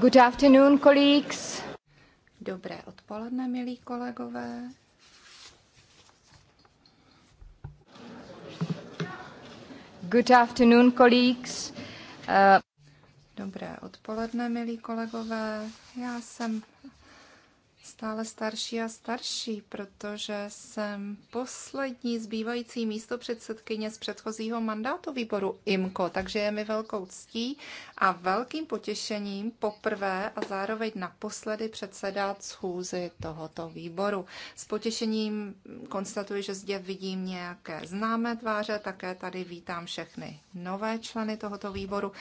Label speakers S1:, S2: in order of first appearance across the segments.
S1: Good afternoon, colleagues. Dobré odpoledne, milí kolegové. Good afternoon, colleagues. Uh... Dobré odpoledne, milí kolegové. Já jsem stále starší a starší, protože jsem poslední zbývající místo předsedkyně z předchozího mandátu výboru IMKO, takže je mi velkou ctí a velkým potěšením poprvé a zároveň naposledy předsedat schůzi tohoto výboru. S potěšením konstatuji, že zde vidím nějaké známé tváře, také tady vítám všechny nové členy tohoto výboru.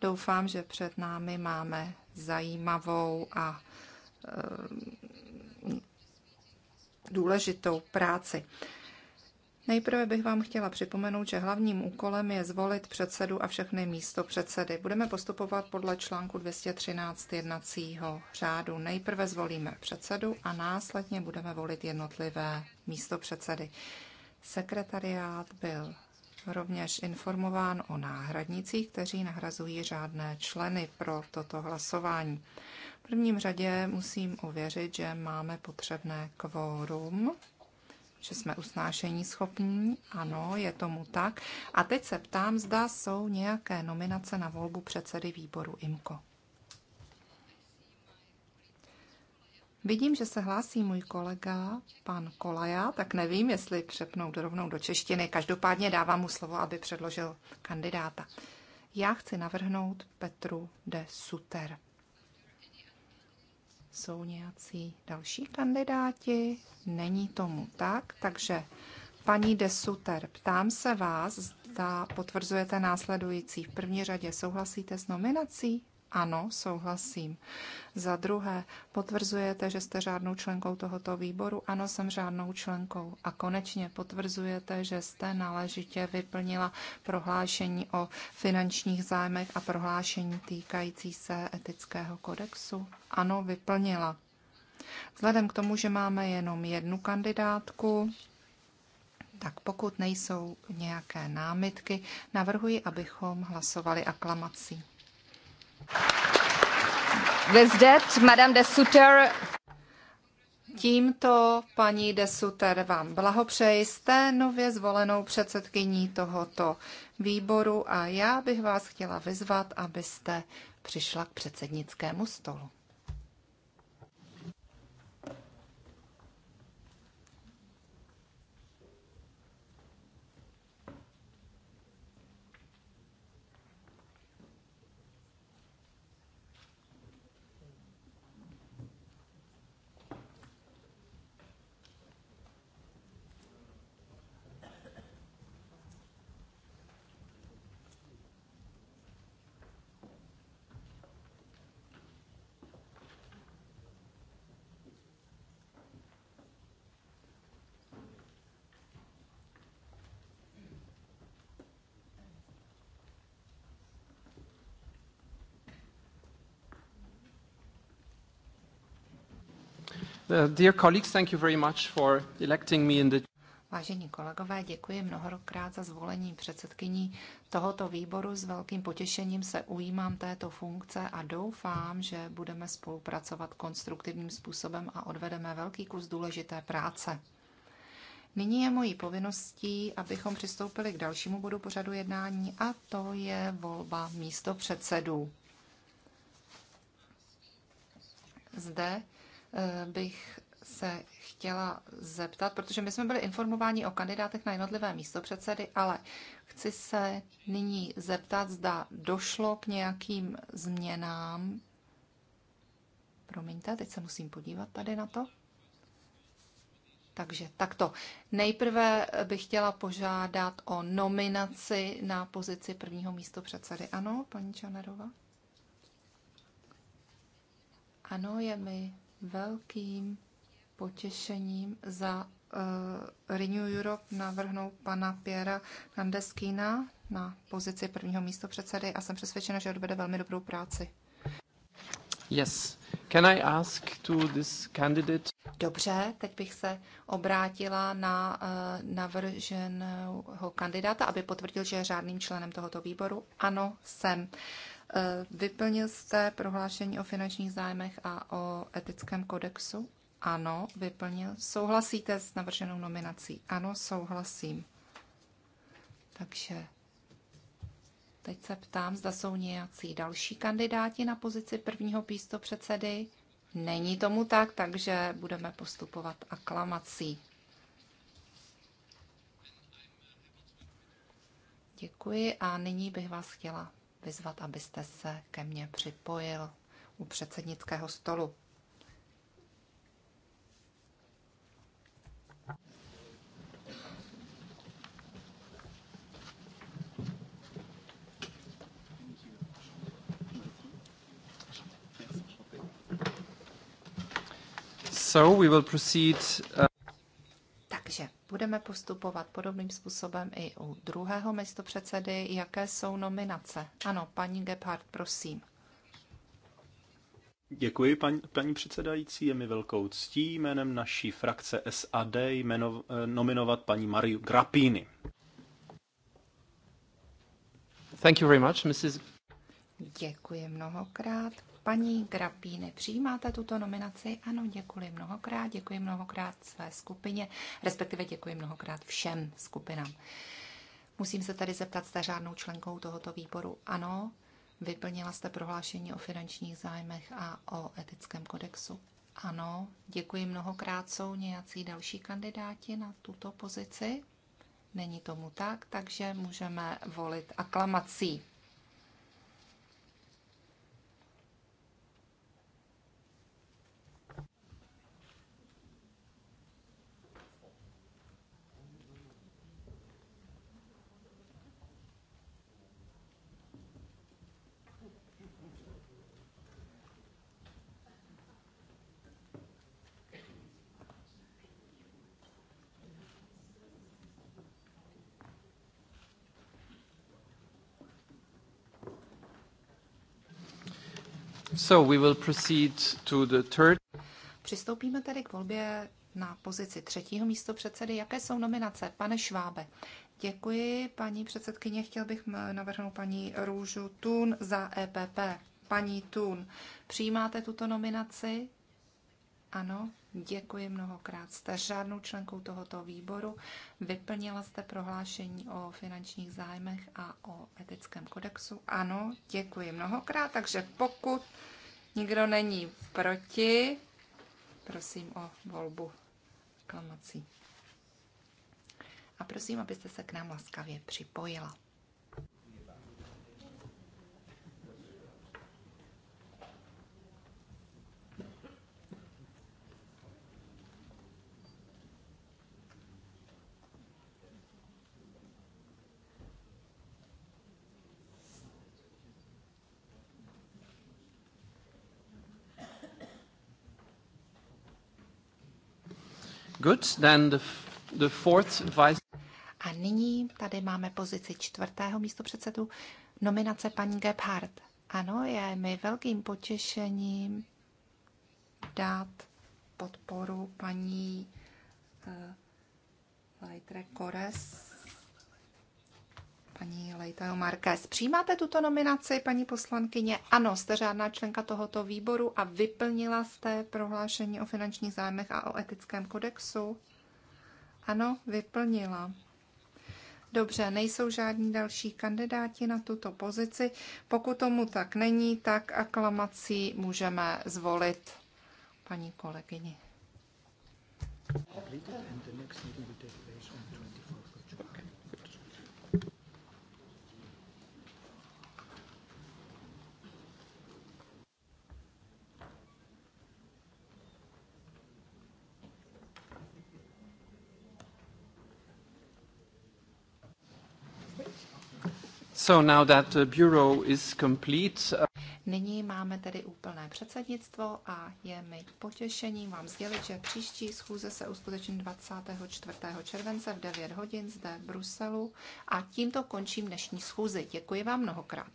S1: Doufám, že před námi máme zajímavou a Eh, důležitou práci. Nejprve bych vám chtěla připomenout, že hlavním úkolem je zvolit předsedu a všechny místo předsedy. Budeme postupovat podle článku 213 jednacího řádu. Nejprve zvolíme předsedu a následně budeme volit jednotlivé místo předsedy. Sekretariát byl rovněž informován o náhradnicích, kteří nahrazují řádné členy pro toto hlasování. V prvním řadě musím ověřit, že máme potřebné kvórum, že jsme usnášení schopní. Ano, je tomu tak. A teď se ptám, zda jsou nějaké nominace na volbu předsedy výboru IMKO. Vidím, že se hlásí můj kolega, pan Kolaja, tak nevím, jestli přepnout rovnou do češtiny. Každopádně dávám mu slovo, aby předložil kandidáta. Já chci navrhnout Petru de Suter. Jsou nějací další kandidáti? Není tomu tak, takže paní de Suter, ptám se vás, zda potvrzujete následující. V první řadě souhlasíte s nominací? Ano, souhlasím. Za druhé, potvrzujete, že jste řádnou členkou tohoto výboru? Ano, jsem řádnou členkou. A konečně potvrzujete, že jste náležitě vyplnila prohlášení o finančních zájmech a prohlášení týkající se etického kodexu? Ano, vyplnila. Vzhledem k tomu, že máme jenom jednu kandidátku, tak pokud nejsou nějaké námitky, navrhuji, abychom hlasovali aklamací. With that, Madame de Sutter... Tímto, paní de Sutter, vám blahopřeji. Jste nově zvolenou předsedkyní tohoto výboru a já bych vás chtěla vyzvat, abyste přišla k předsednickému stolu. Uh, dear colleagues, thank you very much for electing me in the... Vážení kolegové, děkuji mnohokrát za zvolení předsedkyní tohoto výboru. S velkým potěšením se ujímám této funkce a doufám, že budeme spolupracovat konstruktivním způsobem a odvedeme velký kus důležité práce. Nyní je mojí povinností, abychom přistoupili k dalšímu bodu pořadu jednání a to je volba místo předsedů. Zde Eh, bych se chtěla zeptat, protože my jsme byli informováni o kandidátech na jednotlivé předsedy, ale chci se nyní zeptat, zda došlo k nějakým změnám. Promiňte, teď se musím podívat tady na to. Takže takto. Nejprve bych chtěla požádat o nominaci na pozici prvního místo předsedy. Ano, paní Čanerova? Ano, je mi velkým potěšením za uh, Renew Europe navrhnout pana Piera Nandeskina na pozici prvního místo předsedy a jsem přesvědčena, že odvede velmi dobrou práci. Yes. Can I ask to this candidate? Dobře, teď bych se obrátila na uh, navrženého kandidáta, aby potvrdil, že je řádným členem tohoto výboru. Ano, jsem. Uh, Eh, vyplnil jste prohlášení o finančních zájmech a o etickém kodexu? Ano, vyplnil. Souhlasíte s navrženou nominací? Ano, souhlasím. Takže teď se ptám, zda jsou nějací další kandidáti na pozici prvního předsedy. Není tomu tak, takže budeme postupovat aklamací. Děkuji a nyní bych vás chtěla vyzvat, abyste se ke mně připojil u předsednického stolu. So we will proceed. Uh... Budeme postupovat podobným způsobem i u druhého místopředsedy. Jaké jsou nominace? Ano, paní Gebhardt, prosím. Děkuji, paní, paní předsedající. Je mi velkou ctí jménem naší frakce SAD jmeno, eh, nominovat paní Mariu Grappini. Thank you very much, Mrs. Děkuji mnohokrát, Paní Grapíny, přijímáte tuto nominaci? Ano, děkuji mnohokrát, děkuji mnohokrát své skupině, respektive děkuji mnohokrát všem skupinám. Musím se tady zeptat, jste řádnou členkou tohoto výboru? Ano, vyplnila jste prohlášení o finančních zájmech a o etickém kodexu? Ano, děkuji mnohokrát. Jsou nějací další kandidáti na tuto pozici? Není tomu tak, takže můžeme volit aklamací. So we will proceed to the third. Přistoupíme tedy k volbě na pozici třetího místo předsedy. Jaké jsou nominace? Pane Švábe. Děkuji, paní předsedkyně. Chtěl bych navrhnout paní Růžu Tun za EPP. Paní Tun, přijímáte tuto nominaci? Ano, Děkuji mnohokrát. Jste řádnou členkou tohoto výboru. Vyplnila jste prohlášení o finančních zájmech a o etickém kodexu. Ano, děkuji mnohokrát. Takže pokud nikdo není proti, prosím o volbu klamací. A prosím, abyste se k nám laskavě připojila. Good. Then the, the fourth vice... A nyní tady máme pozici čtvrtého místopředsedu, nominace paní Gebhardt. Ano, je mi velkým potěšením dát podporu paní uh, eh, Leitre Kores paní Lejtajo Marquez. Přijímáte tuto nominaci, paní poslankyně? Ano, jste řádná členka tohoto výboru a vyplnila jste prohlášení o finančních zájmech a o etickém kodexu? Ano, vyplnila. Dobře, nejsou žádní další kandidáti na tuto pozici. Pokud tomu tak není, tak aklamací můžeme zvolit paní kolegyni. So now that the uh, bureau is complete. Uh, Nyní máme tedy úplné předsednictvo a je mi potěšením vám sdělit, že příští schůze se uskuteční 24. července v 9 hodin zde v Bruselu a tímto končím dnešní schůzi. Děkuji vám mnohokrát.